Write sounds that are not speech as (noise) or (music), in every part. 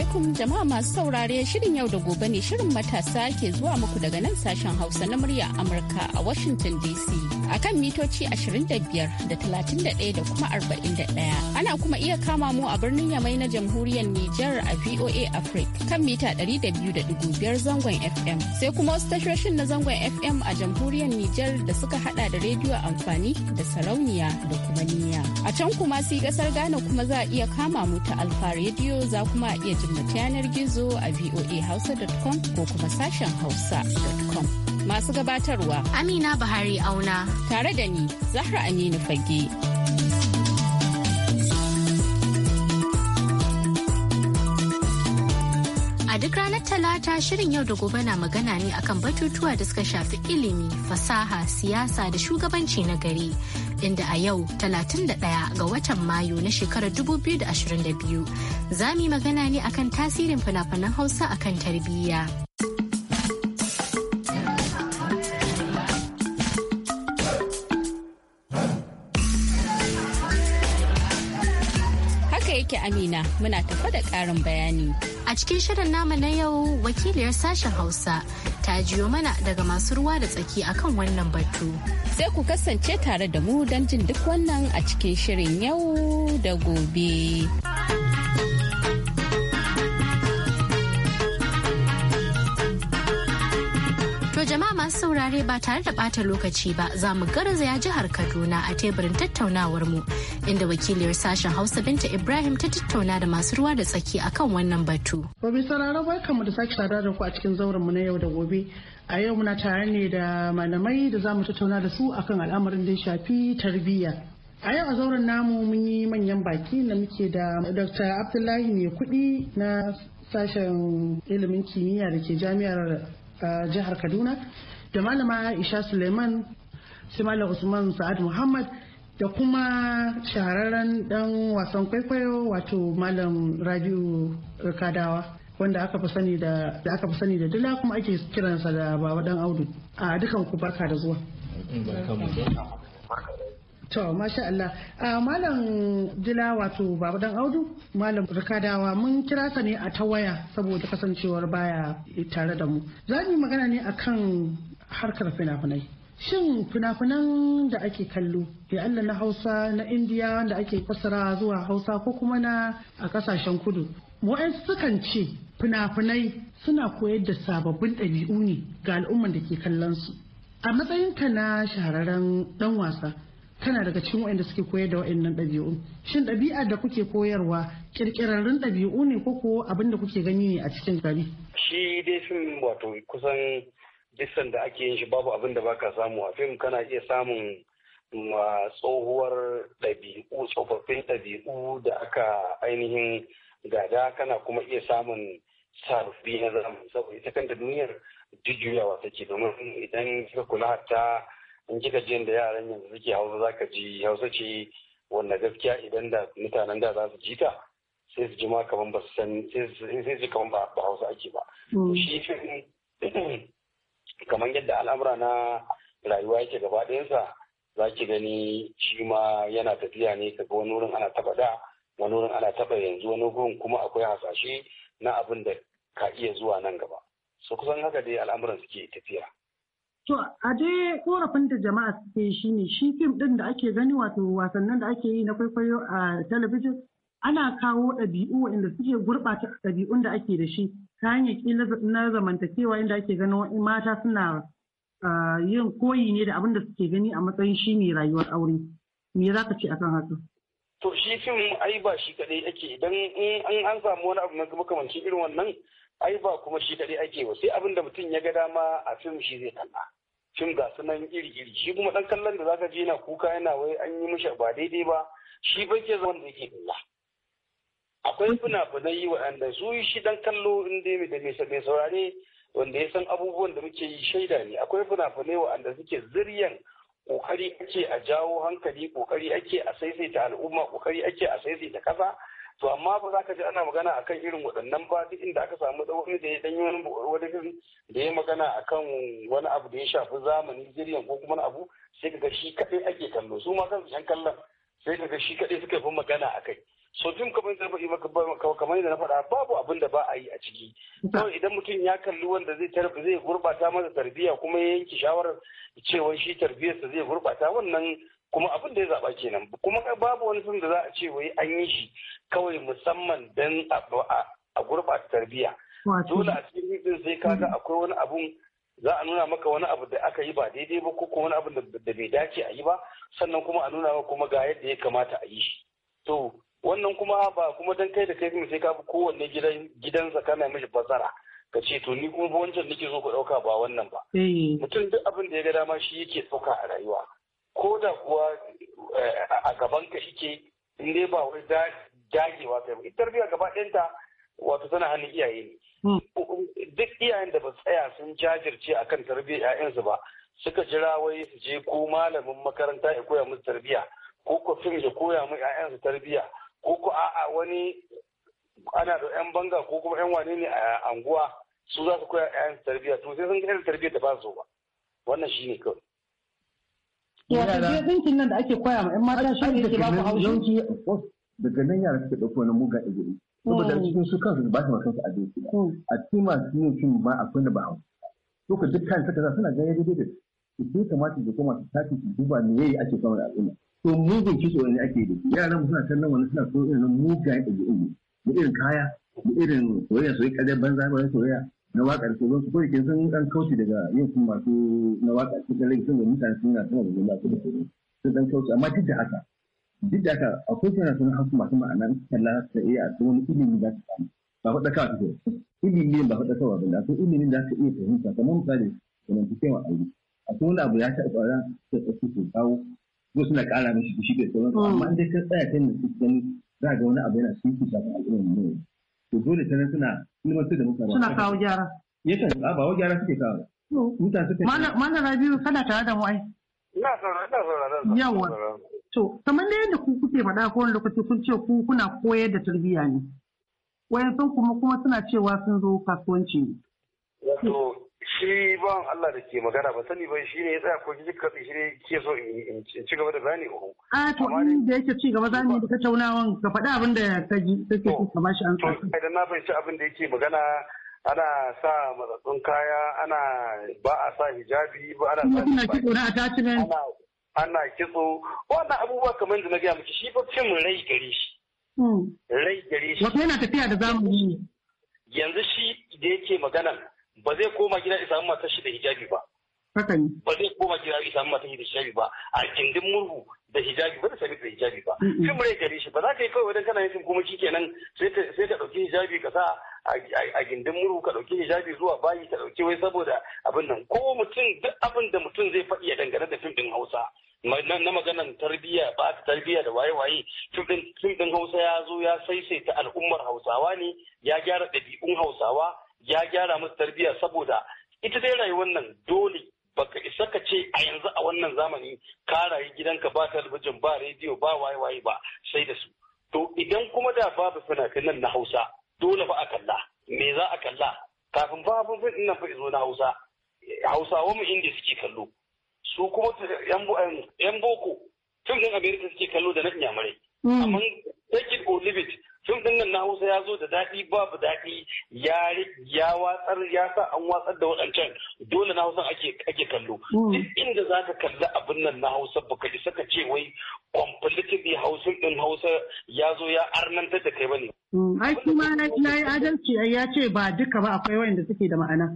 alaikum jama'a masu saurare shirin yau da gobe ne shirin matasa ke zuwa muku daga nan sashen Hausa na murya Amurka a Washington DC akan mitoci 25 da 31 da kuma 41. Ana kuma iya kama mu a birnin Yamai na jamhuriyar Nijar a VOA Africa kan mita 200.5 zangon FM. Sai kuma wasu tashoshin na zangon FM a jamhuriyar Nijar da suka hada da rediyo amfani da sarauniya da kuma niya. A can kuma si kasar Ghana kuma za a iya kama mu ta Alfa Radio za kuma iya mu ta yanar gizo a voahausa.com ko kuma sashen hausa.com. Masu gabatarwa Amina Buhari Auna. Tare da ni, Zahra Aminu Fage. A duk ranar Talata shirin yau da gobe na magana ne akan batutuwa da suka shafi ilimi, fasaha, siyasa da shugabanci na gari. inda a yau 31 ga watan Mayu na shekarar 2022 za mu yi magana ne akan tasirin fina-finan Hausa akan tarbiyya. Haka yake Amina muna tafa da ƙarin bayani. A cikin shirin namu na yau wakiliyar sashen Hausa ta jiyo mana daga masu ruwa da tsaki akan wannan batu. Sai ku kasance tare da mu don jin duk wannan a cikin shirin yau da gobe. masu saurare ba tare da bata lokaci ba za mu garzaya jihar Kaduna a teburin tattaunawar mu inda wakiliyar sashen Hausa Binta Ibrahim ta tattauna da masu ruwa da tsaki akan wannan batu. Gobe sauraron barkamu da sake sadar da ku a cikin zauren mu na yau da gobe. A yau muna tare ne da malamai da za mu tattauna da su akan al'amarin da shafi tarbiyya. A yau a zauren namu mun yi manyan baki da muke da Dr. Abdullahi mai kudi na sashen ilimin kimiyya da ke jami'ar eh, jihar kaduna da malama Aisha Suleiman sai malam Usman Sa'ad Muhammad da kuma shahararren dan wasan kwaikwayo wato malam Rabiu Kadawa wanda aka fi sani da aka fi sani da Dila kuma ake kiransa da Baba dan Audu a dukan ku barka da zuwa To, masha Allah. Malam Dila wato Baba Dan Audu, Malam Rikadawa mun kira ka ne a ta waya saboda kasancewar baya tare da mu. Za mu yi magana ne akan harkar fina-finai shin fina-finan da ake kallo ya Allah na hausa na indiya da ake fasara zuwa hausa ko kuma na a kasashen kudu wa'in sukan ce fina-finai suna koyar da sababbin ɗabi'u ne ga al'umman da ke kallon su a matsayinka na shahararren ɗan wasa kana daga cikin da suke koyar da waɗannan ɗabi'u shin ɗabi'ar da kuke koyarwa ƙirƙirarrun ɗabi'u ne ko ko abin da kuke gani ne a cikin gari shi dai fim wato kusan isan da ake yin shi babu abin da baka samu a fim kana iya samun mm, tsohuwar ɗabi'u tsofaffin ɗabi'u da aka ainihin gada kana kuma iya samun sababbi na zamani saboda ita kanta duniyar jujjuyawa take domin idan kika kula ta in kika je da yaran yanzu suke hausa zaka ji hausa ce wanda gaskiya idan da mutanen da za su ji ta sai su ji ma kaman ba su san sai su ji kaman ba hausa ake ba mm. shi kamar yadda al'amura na rayuwa yake gaba ɗayansa za ki gani shi ma yana tafiya ne kaga wani wurin ana taɓa da wani wurin ana taɓa yanzu wani gurin kuma akwai hasashe na abin da ka iya zuwa nan gaba so kusan haka dai al'amuran suke tafiya To a dai korafin da jama'a suke shi ne shi fim ɗin da ake gani wato wasannin da ake yi na kwaikwayo a talabijin ana kawo ɗabi'u waɗanda suke gurɓata ɗabi'un da ake da shi ta kila na zamantakewa inda ake ganin mata suna ah, yin koyi ne da abin da suke gani a matsayin shi ne rayuwar aure me za ka ce akan haka to shi fim ai ba shi kadai ake idan in an samu wani abu shi irin wannan ai ba kuma shi kadai ake ba sai abin da mutum ya ga dama a fim shi zai kalla fim ga sunan iri iri shi kuma dan kallon da zaka je yana kuka yana wai an yi mishi ba daidai ba shi ba ke zama da yake kalla akwai fina-finai waɗanda su shi dan kallo inda da mai saurare wanda ya san abubuwan da muke yi shaida ne akwai fina-finai waɗanda suke ziryan kokari ake a jawo hankali kokari ake a saisaita al'umma kokari ake a saisaita kasa to amma ba za ka ji ana magana akan irin waɗannan ba duk inda aka samu da wani da ya dan yi wani irin, da ya magana akan wani abu da ya shafi zamani jiryan ko kuma abu sai ka ga shi kaɗai ake kallo su ma kansu yan kallon sai ka ga shi kaɗai suka fi magana akai sofin kamar yadda faɗi kamar yadda na faɗa babu abin da ba a yi a ciki kawai (laughs) idan mutum ya kalli wanda zai zai gurbata masa tarbiyya kuma ya yanke shawarar cewa shi tarbiyyarsa zai gurbata wannan kuma abin da ya zaba kenan kuma babu wani sun da za a ce wai an yi shi kawai musamman dan a gurbata tarbiyya dole a cikin din sai kaga mm. akwai wani abun za a nuna maka wani abu da aka yi ba daidai ba ko wani abu da bai dace a yi ba sannan kuma a nuna maka kuma ga yadda ya kamata a yi shi to wannan kuma ba kuma dan kai da kai kuma sai ka bi kowanne gidan gidansa kana mishi bazara ka ce to ni kuma wancan nake so ku dauka ba wannan ba eh. mutum duk abin da ya ga dama shi yake sauka a rayuwa ko da kuwa eh, a gaban ka shike in dai ba wai dagewa kai ba ita tarbiya gaba wato tana hannun iyaye ne hmm. duk iyayen da ba tsaya sun jajirce akan tarbiyya 'ya'yansu ba suka jira wai su je ko malamin makaranta ya koya musu tarbiya ko kofin ya koya mu 'ya'yansu tarbiyya. ko ko a'a wani ana da yan banga ko kuma yan wane ne a anguwa su za su koya yan tarbiyya to sai sun ga yan tarbiyya da ba su ba wannan shine kawai Wato biyancin nan da ake koya ma 'yan mata shi ne ke ba ku haushi. Daga nan yara suke ɗauko wani muga igiri. Saboda mm. cikin su kansu ba su masu abinci. Mm. A cikin masu yin fim ma akwai da ba haushi. To ka duk kayan saka suna ganin daidai da su. Sai kamata da kuma su tafi su duba me yayi ake samun al'umma. to mugun kitso ne ake da yaran suna kallon wani suna so irin mugaye da ne da irin kaya da irin soyayya soyayya kadai banza ba soyayya na waƙar da sauran su kawai sun san ɗan kauce daga yin sun masu na waƙar su kare sun da mutane sun na tana da zuwa su da su sun dan kauce amma duk da haka duk da haka akwai suna sun hasu masu ma'ana kalla ta iya a wani ilimi da ka samu ba faɗa kawai take ilimi ba faɗa kawai ba akwai ilimin da ka iya fahimta kamar misali kamar ta kewa yi a wani abu ya taɓa ƙwara ta tsaki su kawo ko suna ƙara mishi fushi da sauran hmm. amma in dai ka tsaya ta yin cikin za ga wani abu yana sun fi shafa al'umma ne to dole ta suna ilmantar da mutane suna kawo gyara ya a ba wa gyara suke kawo mutane suka mana rabiu kada tare da mu ai na saurara yawa to kamar da yadda ku kuke faɗa ko wani lokaci kun ce ku kuna koyar da tarbiyya ne wayan sun kuma kuma suna cewa sun zo kasuwanci ne shi ban Allah da ke magana ba sani bai shi ne ya tsaya ko kike ka shi ne ke so in ci gaba da zane uku a to in da yake ci gaba zane da tattaunawan ka faɗa abin da ka ji kake so ka bashi an tsaya idan na fahimci abin da yake magana ana sa matsatsun kaya ana ba a sa hijabi ba ana sa ana kitso na attachment ana kitso wannan abubuwa kamar da na gaya miki shi fa cin rai gare shi hmm. rai gare shi wato yana tafiya da zamani yanzu shi da yake magana ba zai koma gida ya samu matar shi da hijabi ba ba zai koma gida ya samu matar shi da hijabi ba a gindin murhu da hijabi ba da sami da hijabi ba fim rai gare shi ba za ka yi kawai wajen kana yin kuma shi kenan sai ka ɗauki hijabi ka sa a gindin murhu ka ɗauki hijabi zuwa bayi ka ɗauki wai saboda abin nan ko mutum duk abin da mutum zai faɗi ya dangane da fim ɗin hausa na maganar tarbiyya ba ta tarbiyya da waye-waye fim ɗin hausa ya zo ya saisaita al'ummar hausawa ne ya gyara ɗabi'un hausawa ya gyara musu tarbiyya saboda ita dai rayuwar nan dole baka isa ka ce a yanzu a wannan zamani ka rayu gidanka ba talabijin ba rediyo ba waye ba sai da su to idan kuma da babu fina-finan na hausa dole ba a kalla me za a kalla kafin babu fina nan zo na hausa hausawa mu inda suke kallo su kuma yan boko fim din america suke kallo da na inyamurai hmm. amma take it or leave fim din nan na Hausa ya zo da daɗi babu daɗi ya ya watsar ya sa an watsar da waɗancan dole na Hausa ake ake kallo hmm. duk inda ka kalli abin nan na Hausa baka ji saka ce wai completely Hausa din Hausa ya zo ya arnanta da kai bane hmm. ai kuma na yi adalci ya ce ba duka ba akwai wanda suke da ma'ana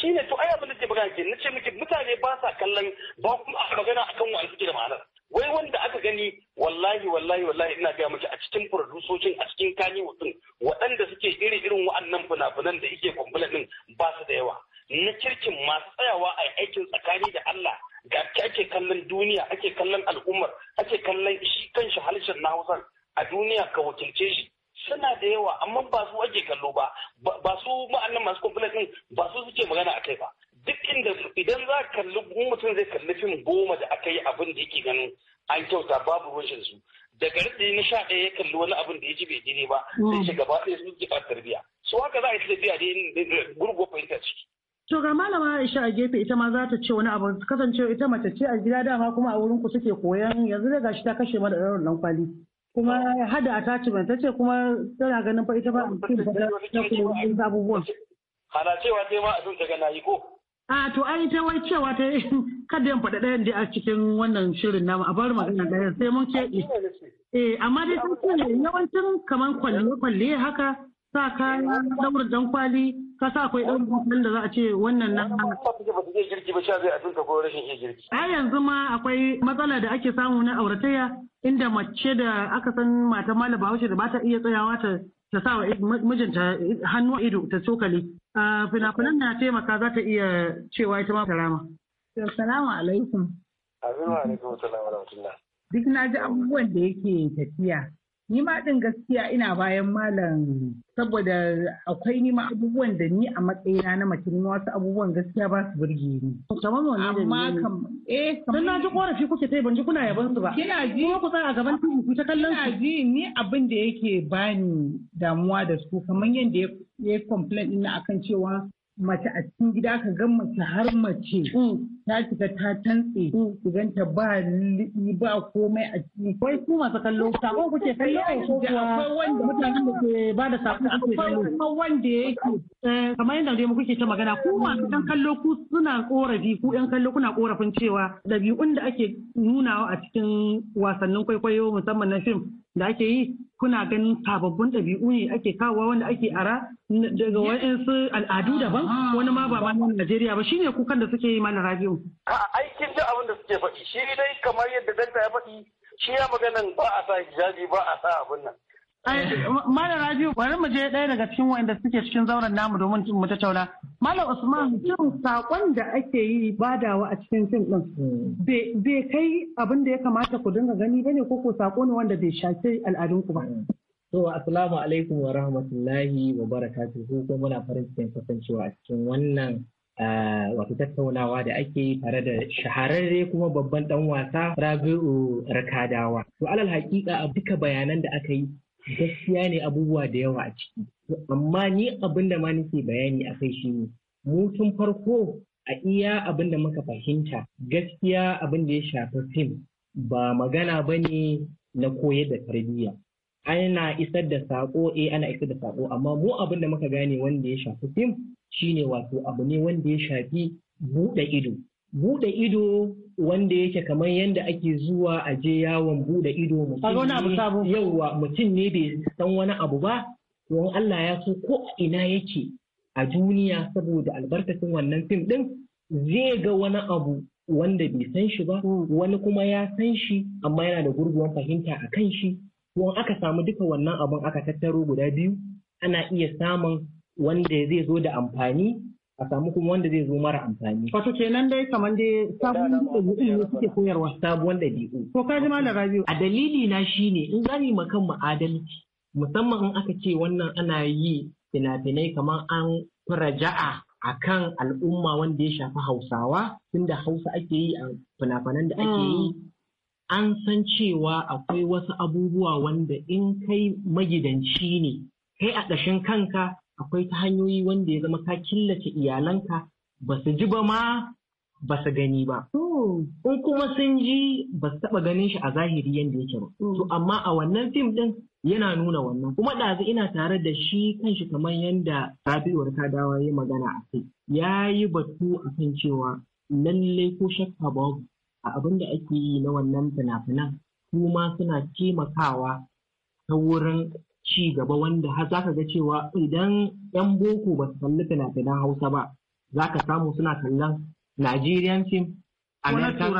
shine to ai abin da ke buga ke nace miki mutane ba sa kallon ba kuma a magana akan wa'an suke da ma'anar wai wanda aka gani wallahi wallahi wallahi ina gaya miki a cikin furadusocin a cikin kani mutum waɗanda suke iri irin wa'annan fina-finan da yake kwamfula din ba su da yawa na kirkin masu tsayawa a aikin tsakani da Allah ga ake kallon duniya ake kallon al'ummar ake kallon shi kanshi halishin na Hausa a duniya ka wakilce shi suna da yawa amma ba su ake kallo ba ba su ma'annan masu kwamfula din ba su suke magana a kai ba duk inda su idan za ka kalli mutum zai kalli fim goma da aka yi abin da yake ganin an kyauta babu rashin su daga rikini na sha ɗaya ya kalli wani abin da ya ji bai jini ba mm. sai shi gaba ɗaya sun kiɓa tarbiya su haka za a yi tarbiyya da gurgo fahimta ciki. To ga malama Aisha a gefe ita ma za ta ce wani abu kasancewa ita mace ce a gida dama kuma a wurin ku suke koyan yanzu da gashi ta kashe mana ɗaurin nan kwali. Kuma hada a taci ta ce kuma tana ganin fa ita ba a cikin abubuwan. Halacewa sai ma a sun daga na yi ko. A to ai ta wai cewa ta (laughs) kada yin faɗa ɗayan da a cikin wannan shirin namu a bar magana ɗaya sai mun keɓe. Eh amma dai sun ce yawancin kamar kwalle-kwalle haka sa ka daura dan kwali ka sa akwai ɗaurin da za a ce wannan nan. A yanzu ma akwai matsala da ake samu na auratayya inda mace da aka san mata mala bahaushe da ba ta iya tsayawa ta ta sa wa mijinta hannu ido ta tsokale fina-finan na taimaka za ta iya cewa ita ma karama. Assalamu alaikum. Assalamu alaikum wa rahmatullah. Duk na ji abubuwan da yake tafiya ni ma din gaskiya ina bayan malam saboda akwai ni ma abubuwan da ni a matsayina na mace ni wasu abubuwan gaskiya ba su burge ni kamar ne amma kam eh dan na ji korafi kuke tai ban ji kuna yaban su ba kina ji kuma ku tsaya a gaban tudu ku ta kallon su ji ni abin da yake bani damuwa da su kamar yadda ya complain din akan cewa mace a cikin gida ka ga mace har mace mm. ta shiga ta tantse su mm. ganta ba liɗi ba komai a ciki wai ku masu kallo K'o kuke kallo ko kuwa wanda mutanen da ke ba da sakon K'o kallo kuma wanda yake eh, kamar yadda dai kuke ta magana ku masu dan kallo ku suna korafi ku ɗan kallo kuna korafin cewa ɗabi'un da ake nunawa a cikin wasannin kwaikwayo musamman na fim da ake yi kuna ganin sababbin ɗabi'u ne ake kawowa wanda ake ara daga wa'insu al'adu daban ah. wani ma ba ma Najeriya ba shine kukan da suke yi mana radio A Aikin abin da suke faɗi shi dai kamar yadda dakta ya faɗi shi ya maganan ba a sa hijabi ba a sa abin nan. Malam Rabiu bari mu je ɗaya daga cikin wanda suke cikin zauren namu domin mu tattauna. Malam Usman cin saƙon da ake yi badawa a cikin fim ɗin bai kai abin da ya kamata ku dinga gani ba ne ko sako ne wanda bai shafi al'adun ku ba. To assalamu alaikum wa rahmatullahi wa barakatuhu ko muna farin cikin kasancewa a cikin wannan Eh, wato tattaunawa da ake yi tare da shahararre kuma babban dan wasa Rabi'u Rakadawa. To alal hakika a duka bayanan da aka yi gaskiya ne abubuwa da yawa a ciki. Amma ni abin da ma nake bayani a kai shine mu tun farko a iya abin da muka fahimta gaskiya abin da ya shafi fim ba magana ba ne na koyar da tarbiyya. Ana isar da sako eh ana isar da sako amma mu abin da muka gane wanda ya shafi fim shine wato abu ne wanda ya shafi buɗe ido buɗe ido wanda yake kamar yadda ake zuwa a je yawon buɗe ido mutum ne bai san wani abu ba don Allah ya so ko ina yake a duniya saboda albarkacin wannan fim ɗin zai ga wani abu wanda bai san shi ba hmm. wani kuma ya san shi amma yana da gurguwan fahimta a kan shi don aka samu duka wannan abun aka tattaro guda biyu ana iya samun wanda zai zo da amfani a samu kuma wanda zai zo mara amfani. Wato kenan dai kamar dai sabon ɗabi'u ne suke koyarwa sabuwar ɗabi'u. Ko ka ji malam Rabiu. A dalili na ne in zani ma kan mu adalci musamman in aka ce wannan ana yi fina-finai kamar an ja'a a kan al'umma wanda ya shafi hausawa tunda hausa ake yi a fina-finan da ake yi mm. an san cewa akwai wasu abubuwa wanda in kai magidanci ne kai a ƙashin kanka akwai ta hanyoyi wanda ya zama ka killace iyalanka ba su ji ba ma ba su gani ba. Hmm. In kuma sun ji ba su taɓa ganin shi a zahiri yadda yake ba. Hmm. To amma a wannan fim ɗin yana nuna wannan. Kuma ɗazu ina tare da shi kan shi kamar yadda Rabi'u dawa ya magana a kai. Ya yi batu a kan cewa lalle ko shakka ba a abin da ake yi na wannan fina-finan kuma suna taimakawa ta wurin ci gaba wanda za ka ga cewa idan yan boko ba su kalli fina-finan hausa ba za ka samu suna kallon nigerian A american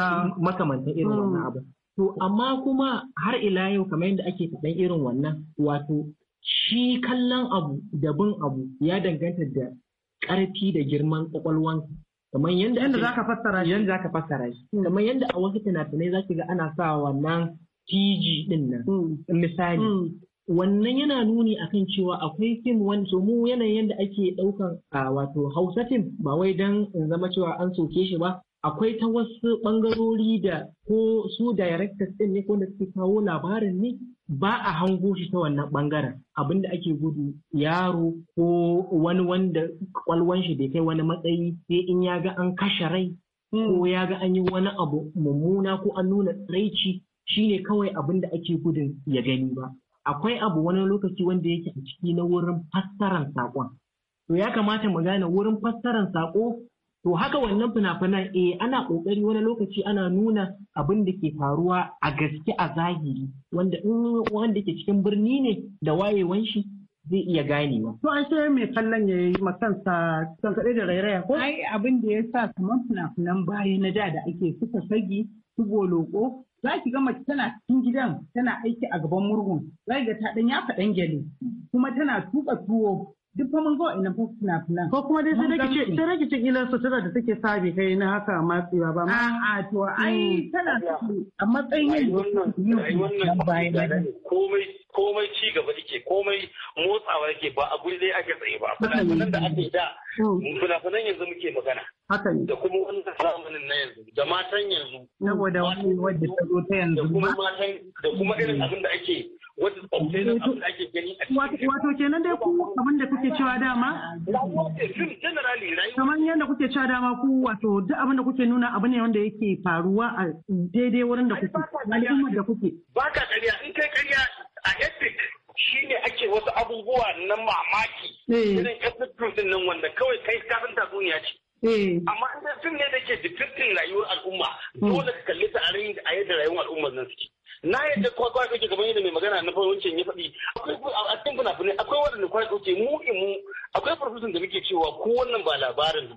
makamantan irin hmm. wannan abu to amma kuma har ila yau kamar yadda ake faɗan irin wannan wato shi kallon abu da bin abu ya danganta da ƙarfi da girman kwakwalwanka kamar yadda yadda zaka fassara shi yadda zaka fassara shi hmm. kamar yadda a wasu tunatunai zaki ga ana sa wannan PG din nan hmm. misali wannan yana nuni a kan cewa akwai fim wani mu yanayin yadda ake ɗaukan a wato hausa fim ba wai dan in zama cewa an soke shi ba akwai ta wasu ɓangarori da ko su directors ɗin ne ko da suke kawo labarin ne ba a hango shi ta wannan ɓangaren abinda ake gudu yaro ko wani wanda kwalwan shi bai kai wani matsayi sai in ya ga an kashe rai ko hmm. ya ga an yi wani abu mummuna ko an nuna tsiraici shine kawai abin da ake gudun ya gani ba akwai abu wani lokaci wanda yake a ciki na wurin fassaran saƙon to ya kamata mu gane wurin fassaran saƙo to haka wannan fina-finan eh ana ƙoƙari wani lokaci ana nuna abin da ke faruwa a gaske a zahiri wanda in wanda ke cikin birni ne da wayewan shi zai iya ganewa. To an sai mai kallon ya yi makansa kan da rairaya ko? Ai abin da ya sa kamar fina-finan baya na da da ake suka sagi su goloko za ki ga mace tana cikin gidan tana aiki a gaban murhun za ki ga ta ɗan yafa ɗan gyale kuma tana tuka tuwo duk fa mun ga ina fa fina ko kuma dai sai da sai rage cin ilan tana da take sa bi kai na haka matsewa ba ma A'a to ai hmm. tana a matsayin yin wannan wannan komai komai ci gaba yake komai motsawa yake ba a guri dai ake tsaye ba fina da ake da fina yanzu muke magana da kuma wannan zamanin na yanzu da matan yanzu saboda wani wadda ta zo ta yanzu da kuma matan da kuma irin abin da ake wata tsaunin abu da ake gani a cikin wato kenan dai ku abin da kuke cewa dama kamar yadda kuke cewa dama ku wato duk abin da kuke nuna abu ne wanda yake faruwa a daidai wurin da kuke al'ummar da kuke ba ka ƙarya in kai ƙarya a epic shi ne ake wasu abubuwa na mamaki eh. irin epic din nan wanda kawai kai kafin tatsuniya ce eh. amma in fim ne da ke depicting rayuwar al'umma dole ka kalli ta a yadda rayuwar al'ummar nan suke na yadda kuma kawai kake kamar yadda mai magana na wancan ya faɗi akwai a cikin fina-finai akwai waɗanda kawai kake mu in akwai farfusun da muke cewa ko wannan ba labarin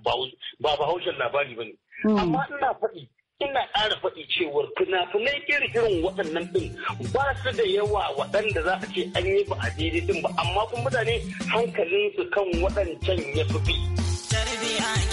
ba bahaushen labari ba ne hmm. amma ina faɗi ina ƙara faɗi cewar fina-finai irin irin waɗannan ɗin ba su da yawa waɗanda za a ce an yi ba a daidai ɗin ba amma kuma mutane hankalinsu kan waɗancan ya fi bi.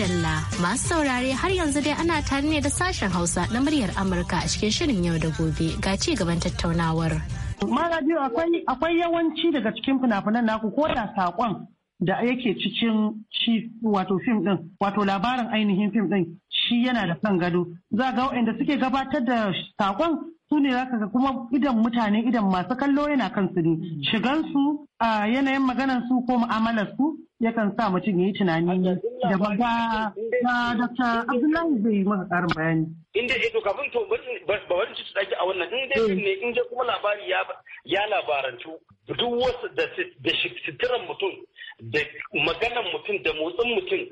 madalla masu saurare har yanzu dai ana tare ne da sashen hausa na muryar amurka a cikin shirin yau da gobe ga ci gaban tattaunawar. biyu akwai yawanci daga cikin fina-finan naku ko da saƙon da yake cikin shi wato fim din wato labarin ainihin fim din shi yana da kan gado za ga waɗanda suke gabatar da saƙon su ne za ga kuma idan mutane idan masu kallo yana kansu su ne shigansu a yanayin maganar su ko su. yakan sa mutum ya yi tunani da baga na Dr. Abdullahi zai yi maka karin bayani. In dai eh, to kafin to ba wani ci tsaki a wannan in dai ne in dai kuma labari ya labarantu duk wasu da sitiran mutum da maganan mutum da motsin mutum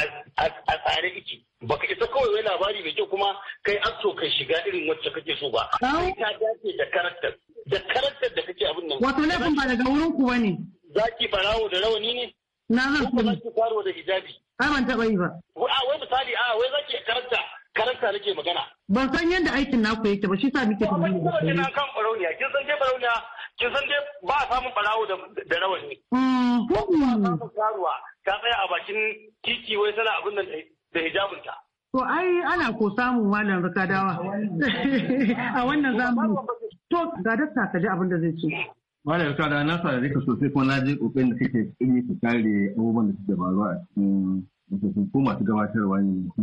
a tsare iki baka isa kawai wai labari mai kyau kuma kai akto kai shiga irin wacce kake so ba kai ta dace da karakter da karakter da kake abin nan wato laifin ba daga wurin ku bane zaki Farawo da rawani ne Na hankali. Ko ba da ban taɓa yi ba. nake magana. Ban san yadda aikin naku yake ba shi sa nake tambaya. Ba ba samun barawo da rawani. Mm. Hmm. ta tsaya a bakin titi wai tana abin nan da To ai ana ko samun malam rikadawa (laughs) a wannan zamani. To ga dakta ka ji abin da zai ce. Malam da nasa sa rika sosai kuma na je kokarin da suke yi su kare abubuwan da suke baro a cikin mutum ko masu gabatarwa ne su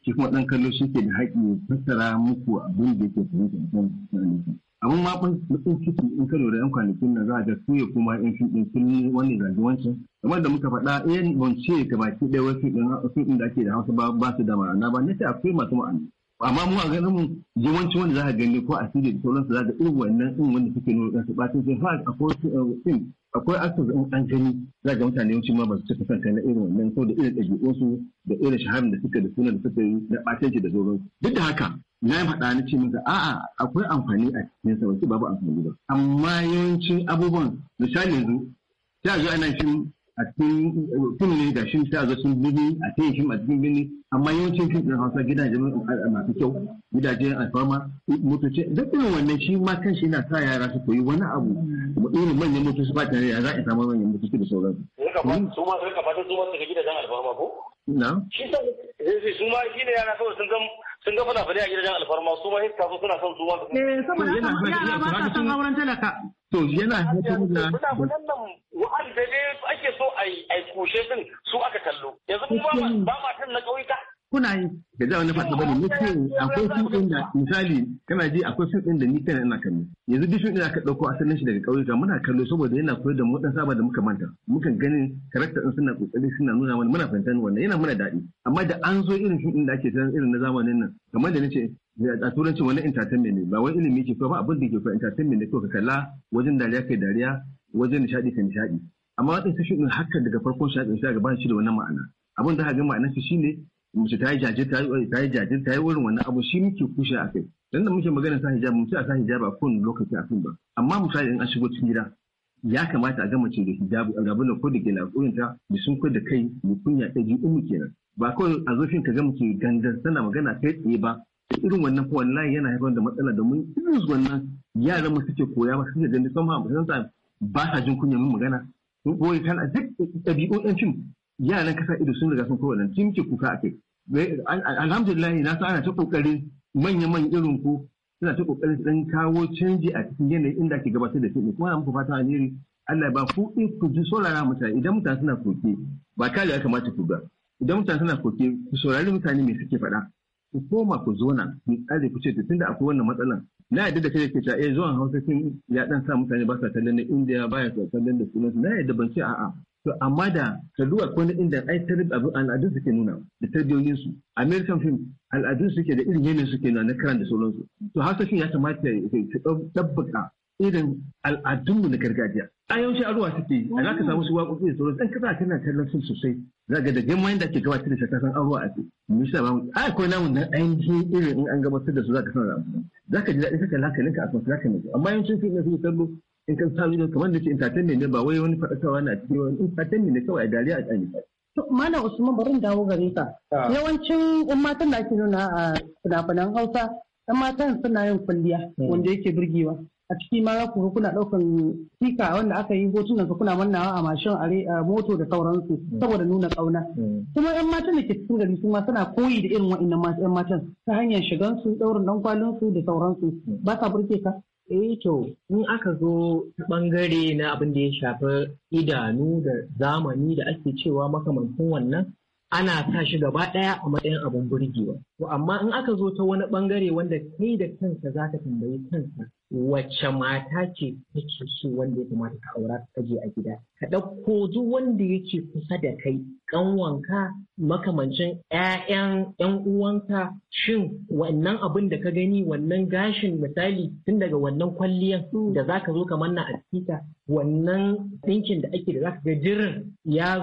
shi kuma ɗan kallo shi ke da haƙƙi ya fassara muku abin da yake fahimta a kan sanarwa. Abin ma fa mutum ciki in ka lura yan kwanakin nan za a ga su ya kuma yan fim ɗin sun yi wani zage wancan. Kamar da muka faɗa yan eh, wance ta baki ɗaya wasu ɗin da ake da hausa ba su da ma'ana ba na ce akwai masu ma'ana. amma mu a ganin mu yawanci wanda za ka gani ko asiri da sauransu za ka irin wannan din wanda suke nuna kansu ba sai fa akwai din eh, akwai aksa da an gani za ga mutane yawanci ma ba su cika kanta na irin wannan ko da irin ɗabi'un su da irin shaharar da suke da sunan da suka yi na ɓatanci da sauransu duk da haka na yi faɗa na ce masa a'a akwai amfani a cikin sa ba babu amfani ba amma yawancin abubuwan misali yanzu sai a zo ana cin a cikin fim ne ga shi ta a zo cikin birni a cikin shi a cikin birni amma yawancin shi ɗin hausa gidaje masu kyau gidaje alfarma motoci duk irin wannan shi ma kan shi na sa yara su koyi wani abu irin manyan motoci ba tare da za a samu manyan motoci da sauran su ma su rika fatan su ma su gidajen alfarma ko na shi sa eh, su ma shi ne yara kawai sun zama sun ga fina-finai a gidajen alfarma su ma sai kafin suna son zuwa. Eh saboda yara ba sa son auren talaka. To yana haifar da. Fina-finan nan wa'anda dai ake so a yi kushe din su aka kallo. Yanzu kuma ba ma kan na ƙauyuka kuna yi da za wani fata bane nake akwai su din da misali kana ji akwai su din da ni kana ina kallo yanzu duk din da aka dauko asalin shi daga kauyuka muna kallo saboda yana koyar da mu dan saba da muka manta mukan ganin karakta din suna kokari suna nuna mana muna fahimtar wannan yana muna daɗi amma da an zo irin shi din da ake tana irin na zamanin nan kamar da nace a turanci wani entertainment ne ba wani ilimi ke ba abin da ke koya entertainment ne ko ka kalla wajen dariya kai dariya wajen nishadi kai nishadi amma waɗansu shi din haka daga farkon shi daga ba shi da wannan ma'ana abin da ga ma'anar shi shine mace ta yi jajir ta yi jajir ta yi wurin wannan abu shi muke kushe a kai dan da muke magana sa hijab mutum a sa hijab a kun lokaci a kun ba amma misali in an shigo cikin gida ya kamata a ga mace da a gaba da ko da gina ta da sun ko da kai mu kunya ta ji umu kenan ba kawai a zofin ka ga mace gandan tana magana kai tsaye ba irin wannan ko wallahi yana haifar da matsala da mun irin wannan yaran mu suke koya ba suke ganin sun ma ba san ba sa jin kunya mun magana sun kan a duk ɗabi'un ɗan fim yaran kasa ido sun riga sun kowa nan tun ke kuka ake alhamdulillah na san ana ta kokarin manya man irin ku suna ta kokarin su dan kawo canji a cikin yanayi inda ake gabatar da shi kuma na muku fata alheri Allah ba ku ku ji saurara mutane idan mutane suna koke ba kare ya kamata ku ga idan mutane suna koke ku saurari mutane me suke faɗa ku koma ku zona ku tsare ku ce tunda akwai wannan matsalan na yadda da kai ke ta eh zuwan Hausa kin ya dan sa mutane ba sa kallon na India ba ya kallon da sunan na yadda ban ce a'a To amma da ka zuwa wani inda ai al'adun suke nuna da tarbiyoyin su. American film al'adun suke da irin yanayin suke nuna na karan da sauransu. To haka shi ya kamata ya tabbata irin al'adunmu na gargajiya. A yawanci ruwa suke yi, a ka samu su waƙoƙi da sauransu, ɗan kasa kana kallon sun sosai. Za ga da jama'a da ke gabatar da shi kasan ruwa a ce. Mu sa ba mu, a akwai namun na ainihin irin in an gabatar da su za ka san Za ka ji daɗin saka lakalinka a kan za ka nutsu. Amma yawancin fim na su kallo in kan sa ido kamar da ke entertainment ne ba wai wani faɗakarwa na cikin wani entertainment ne kawai a dariya a kan mana Usman barin dawo gare ka. Ah. Yawancin ɗan matan da ake nuna a fina-finan Hausa, ɗan matan suna yin kwalliya hmm. wanda yake burgewa. A ciki ma za ku ga kuna ɗaukan sika wanda aka yi hotunan su kuna mannawa a mashin a moto da sauransu hmm. saboda nuna ƙauna. Hmm. Kuma ‘yan matan da ke cikin gari su ma suna koyi da irin wa'innan ‘yan matan ta hanyar shigansu, ɗaurin ɗan kwalinsu da sauransu. Ba sa burge ka? Eh to in aka zo ɓangare na abin da ya shafi idanu da zamani da ake cewa makamantan wannan ana sa shi gaba ɗaya a matsayin abin burgewa. To amma in aka zo ta wani bangare wanda kai da kanka za ka tambayi kanka wacce mata ce take so wanda ya kamata ka aura ka je a gida. Ka ɗauko duk wanda yake kusa da kai ƙanwanka makamancin 'ya'yan 'yan uwanka shin wannan abin da ka gani wannan gashin misali tun daga wannan kwalliyan da za ka zo ka manna a cikinta wannan ɗinkin da ake da za ka ga jirin ya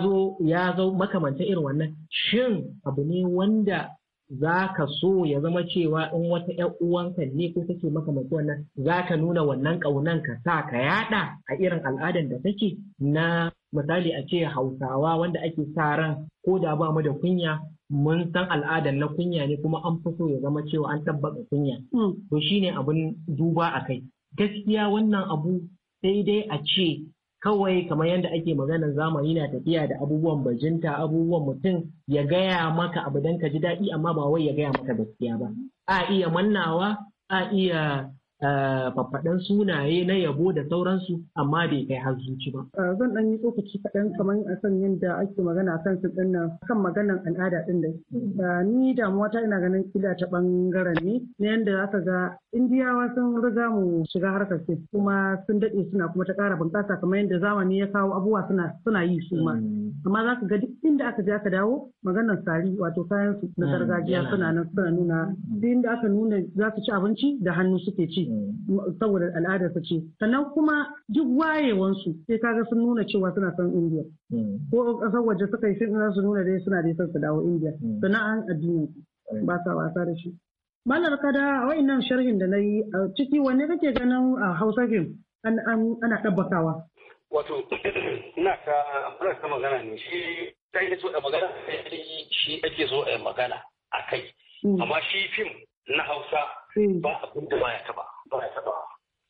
zo makamancin irin wannan shin abu ne wanda za ka so ya zama cewa in wata ‘yan uwanka ne ko take maka mai wannan za ka nuna wannan ƙaunan ka sa ka yada a irin al'adar da take na misali a ce hausawa wanda ake sa ran ko da ba mu da kunya mun san al'adar na kunya ne kuma an fi so ya zama cewa an tabbata kunya. Mm. To shine abin duba a kai. Gaskiya wannan abu sai dai a ce kawai kamar yadda ake maganar zamani na tafiya da abubuwan bajinta abubuwan mutum ya gaya maka abu don ka ji daɗi amma ba wai ya gaya maka gaskiya ba a iya mannawa a iya Eh, faɗan sunaye na yabo da sauransu amma bai kai har zuci ba. Eh, zan ɗan yi tsokaci kaɗan kamar a san yadda ake magana kan su ɗin nan kan maganan al'ada ɗin da eh, ni damuwa ta ina ganin kila ta ɓangaren ne na yadda za ka ga Indiyawa sun riga mu shiga harkar fim kuma sun daɗe suna kuma ta ƙara bunƙasa kamar yadda zamani ya kawo abubuwa suna suna yi su ma. Mm. Amma za ka ga duk inda aka je aka dawo maganar sari wato kayan su na mm, gargajiya suna nan suna nuna duk inda aka nuna za su ci abinci da hannu suke ci. Mm. saboda al'adar su ce sannan kuma duk wayewansu sai kaga sun nuna cewa suna son indiya mm. ko kasar waje suka yi sun su nuna dai suna dai son su dawo indiya mm. sannan an addini ba sa wasa da shi malar kada wa'annan sharhin da na yi a ciki wanne kake ganin a hausa fim ana ɗabbakawa wato (clears throat) ina ka muna ka magana ne shi ta yi so a magana shi ake so a magana a kai amma shi fim na hausa Hmm. ba abin da taba taba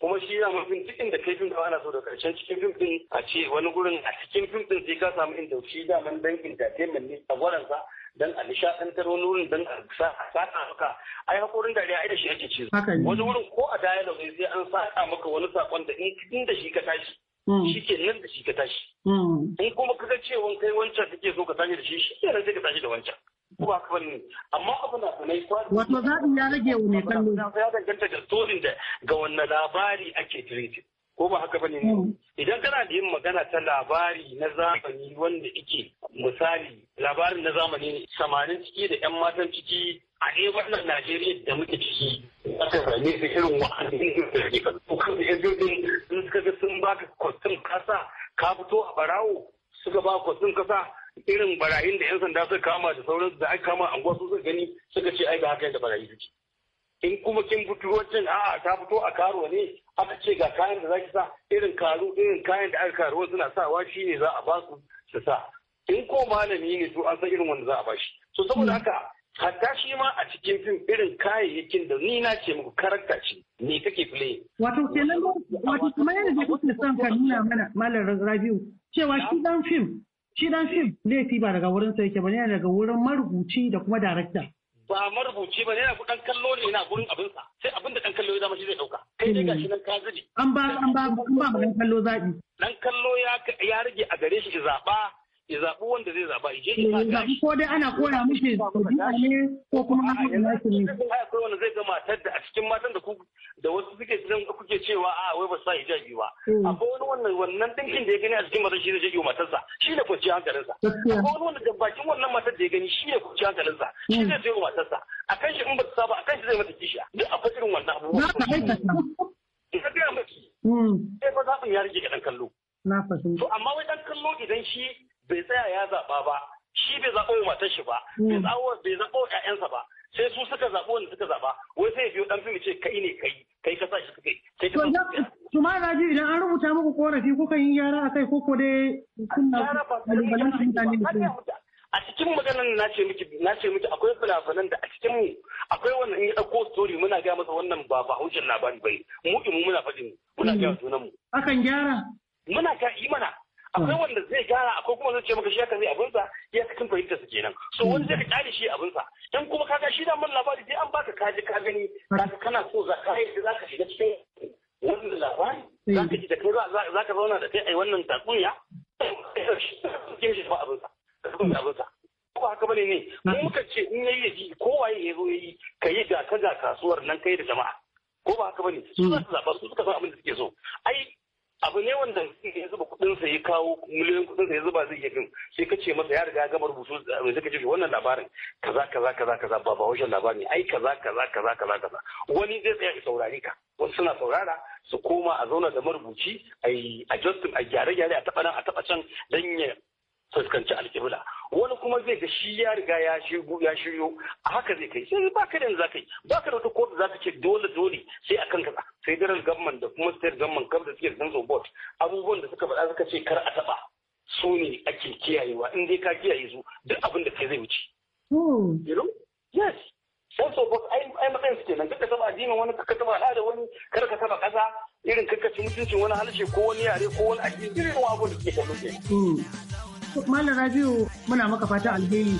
kuma shi ya mafi duk inda kai fim ana so da karshen cikin fim din a ce wani gurin a cikin fim din sai ka samu inda shi daman dan entertainment ne a sa dan a nishaɗantar wani wurin dan a a saƙa maka ai haƙorin dariya ai da shi ake ce wani wurin ko a dialogue ne sai an saƙa maka wani saƙon da in da shi ka tashi hmm. shi ke nan da shi ka tashi hmm. in kuma kaga cewa kai wancan kake so ka tashi da shi shi ke nan sai ka tashi da wancan zuwa kawai ne amma abin da sanai wato zaɓin ya rage wa mai kallo ya danganta da da ga wanne labari ake treated ko ba haka bane ne mm. idan kana da yin magana ta labari na zamani wanda ike misali labarin na zamani ne samanin ciki da yan matan ciki a ɗaya wannan Najeriya da muke ciki aka zane su irin wa'annan da ke kan to kan sun suka ga sun baka kwastin kasa ka fito a barawo suka ba kwastin kasa irin barayin da 'yan sanda suka kama da sauran da aka kama a su suka gani suka ce ai ga haka da barayi suke in kuma kin fito wancan a'a ta fito a karo ne aka ce ga kayan da zaki sa irin karo irin kayan da aka karo suna sawa ne za a basu su sa in ko malami ne to an san irin wanda za a bashi so saboda haka hatta shi ma a cikin fim irin kayayyakin da ni na ce muku karakta ce ne kake play wato kenan wato yana da kuke son ka nuna mana malam Rabiu cewa shi dan fim shi dan fim laifi ba daga wurin sarki ba ne daga wurin marubuci da kuma darakta ba marubuci ba ne na kudan kallo ne na gurin abin sai abin da dan kallo ya zama shi zai dauka kai ne gashi nan ka zubi an ba an ba an ba dan kallo zabi dan kallo ya ya rage a gare shi zaba ya zaɓi wanda zai zaɓa ya je ya ko dai ana kora mishi ne ko kuma an haɗa nasu ne akwai wanda zai ga matar da a cikin matan da da wasu suke zan kuke cewa a wai ba sa hijabi ba hmm. akwai wani wannan wannan dinkin da ya gani a cikin matan shi zai je matarsa shi ne kwanciyar hankalinsa akwai wani wanda da bakin wannan matar da ya gani shi ne kwanciyar hankalinsa shi hmm. zai je matarsa a kan shi in ba saba a kan shi zai mata kisha. duk akwai irin wannan abubuwa ka gaya maki hmm. sai fa zaɓin ya rage ga ɗan kallo Na To amma wai ɗan kallo idan shi tsaya ya zaɓa ba shi bai zaɓo matar shi ba bai hmm. zaɓo bai zaɓo ƴaƴansa ba sai su suka zaɓo wanda suka zaɓa wai sai biyo dan fim ce kai ne kai kai ka sa shi suka yi kai ka sa to ma na ji idan an rubuta muku korafi ko kan yi gyara akai ko ko dai kun a cikin maganan na ce miki na ce miki akwai fulafanan da a cikin mu akwai wannan in ya dauko story muna ga masa wannan ba ba hujjar labari bai mu imu muna faɗi muna ga hmm. junan mu akan gyara muna ka yi mana akwai hmm. wanda zai gyara akwai kuma zai ce maka shi haka zai abinsa ya kakin fahimtar su kenan so wani hmm. zai ka kyale shi abinsa dan kuma ga shi da man labari sai an baka kaji ka gani hmm. ka kana so za ka yi za ka shiga cikin wannan labari za ka ji da kai za ka zauna da kai ai wannan takunya ke shi ba abinsa abinsa ba haka bane ne mu muka ce in yayi yaji kowaye ya zo yayi ka yi ga ka ga kasuwar nan kai da jama'a ko ba haka bane su za su zaba su suka san abin da suke so ai abu ne wanda ya zuba kudin sa ya kawo miliyan kudin sa ya zuba zai yi sai ka ce masa ya riga a gama rubutu eh, sai ka ce wannan labarin kaza kaza kaza kaza ba ba labarin ai kaza kaza kaza kaza kaza wani zai tsaya ya saurare ka wasu suna saurara su koma a zauna da marubuci a yi a gyare gyare a taba nan a taba can dan ya fuskanci alƙibla wani kuma zai ga shi ya riga ya shigo ya shiryo a haka zai kai sai ba ka da za ka yi ba ka da wata kotu za ka ce dole dole sai akan kaza sai daren gamman da kuma state gamman kar da suke da bot abubuwan da suka faɗa suka ce kar a taɓa su ne ake kiyayewa in dai ka kiyaye su duk abin da kai zai wuce. Hmm. You know? Yes. Sense of bot ai matsayin su kenan da taɓa addinin wani ka taɓa al'ada wani kar ka taɓa kaza irin kakkacin mutuncin wani halshe ko wani yare ko wani addini irin abu da suke kallo kenan. Hmm. Malam Rabiu muna maka fata alheri.